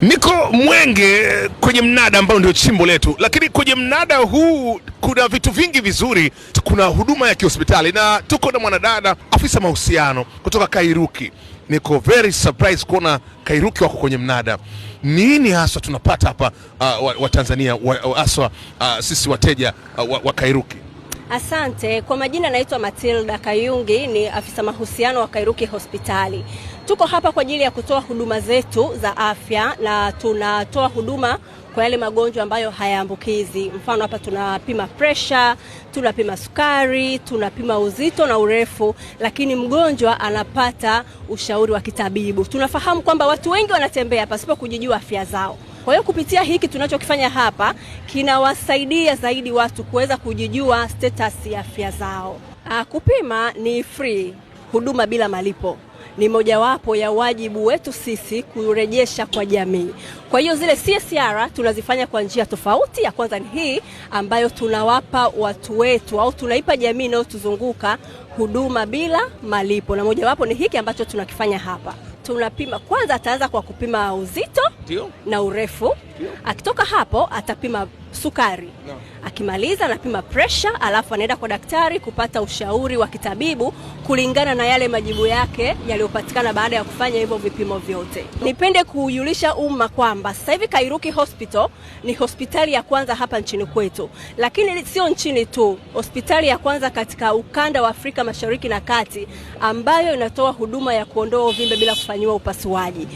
Niko Mwenge kwenye mnada ambao ndio chimbo letu, lakini kwenye mnada huu kuna vitu vingi vizuri. Kuna huduma ya kihospitali na tuko na mwanadada afisa mahusiano kutoka Kairuki. Niko very surprised kuona Kairuki wako kwenye mnada. Nini haswa tunapata hapa uh, Watanzania wa haswa wa, uh, sisi wateja uh, wa, wa Kairuki? Asante. Kwa majina naitwa Matilda Kayungi, ni afisa mahusiano wa Kairuki Hospitali. Tuko hapa kwa ajili ya kutoa huduma zetu za afya na tunatoa huduma kwa yale magonjwa ambayo hayaambukizi. Mfano hapa tunapima presha, tunapima sukari, tunapima uzito na urefu, lakini mgonjwa anapata ushauri wa kitabibu. Tunafahamu kwamba watu wengi wanatembea pasipo kujijua afya zao. Kwa hiyo kupitia hiki tunachokifanya hapa kinawasaidia zaidi watu kuweza kujijua status ya afya zao. Aa, ah, kupima ni free, huduma bila malipo ni mojawapo ya wajibu wetu sisi kurejesha kwa jamii. Kwa hiyo zile CSR tunazifanya kwa njia tofauti. Ya kwanza ni hii ambayo tunawapa watu wetu au tunaipa jamii inayotuzunguka huduma bila malipo, na mojawapo ni hiki ambacho tunakifanya hapa tunapima kwanza, ataanza kwa kupima uzito Tio. na urefu Tio. akitoka hapo atapima sukari no. Akimaliza anapima pressure, alafu anaenda kwa daktari kupata ushauri wa kitabibu kulingana na yale majibu yake yaliyopatikana baada ya kufanya hivyo vipimo vyote. Nipende kuujulisha umma kwamba sasa hivi Kairuki Hospital ni hospitali ya kwanza hapa nchini kwetu, lakini sio nchini tu, hospitali ya kwanza katika ukanda wa Afrika Mashariki na Kati ambayo inatoa huduma ya kuondoa uvimbe bila kufanyiwa upasuaji.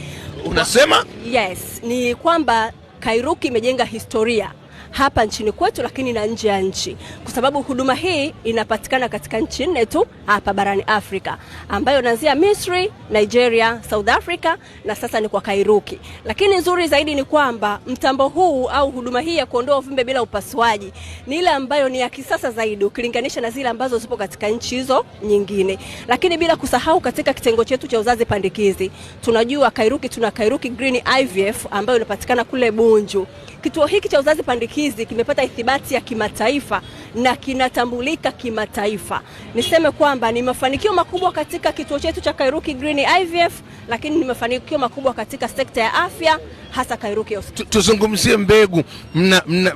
Unasema? Yes, ni kwamba Kairuki imejenga historia hapa nchini kwetu, lakini na nje ya nchi, kwa sababu huduma hii inapatikana katika nchi nne tu hapa barani Afrika, ambayo inaanzia Misri, Nigeria, South Africa na sasa ni kwa Kairuki. Lakini nzuri zaidi ni kwamba mtambo huu au huduma hii ya kuondoa uvimbe bila upasuaji ni ile ambayo ni ya kisasa zaidi ukilinganisha na zile ambazo zipo katika nchi hizo nyingine, lakini bila kusahau katika kitengo chetu cha uzazi pandikizi tunajua Kairuki tuna Kairuki Green IVF ambayo inapatikana kule Bunju. Kituo hiki cha uzazi pandikizi kimepata ithibati ya kimataifa na kinatambulika kimataifa. Niseme kwamba ni mafanikio makubwa katika kituo chetu cha Kairuki Green IVF, lakini ni mafanikio makubwa katika sekta ya afya hasa Kairuki Hospital. Tuzungumzie mbegu,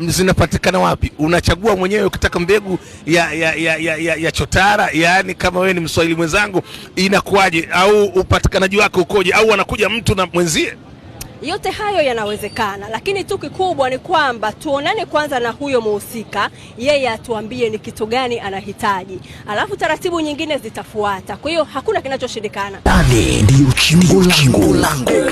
zinapatikana wapi? Unachagua mwenyewe ukitaka mbegu ya, ya, ya, ya, ya, ya chotara, yaani kama wewe ni Mswahili mwenzangu, inakuwaje? Au upatikanaji wake ukoje? Au anakuja mtu na mwenzie yote hayo yanawezekana, lakini tu kikubwa ni kwamba tuonane kwanza na huyo mhusika, yeye atuambie ni kitu gani anahitaji, alafu taratibu nyingine zitafuata. Kwa hiyo hakuna kinachoshindikana. Ndani ndiyo chingo langu.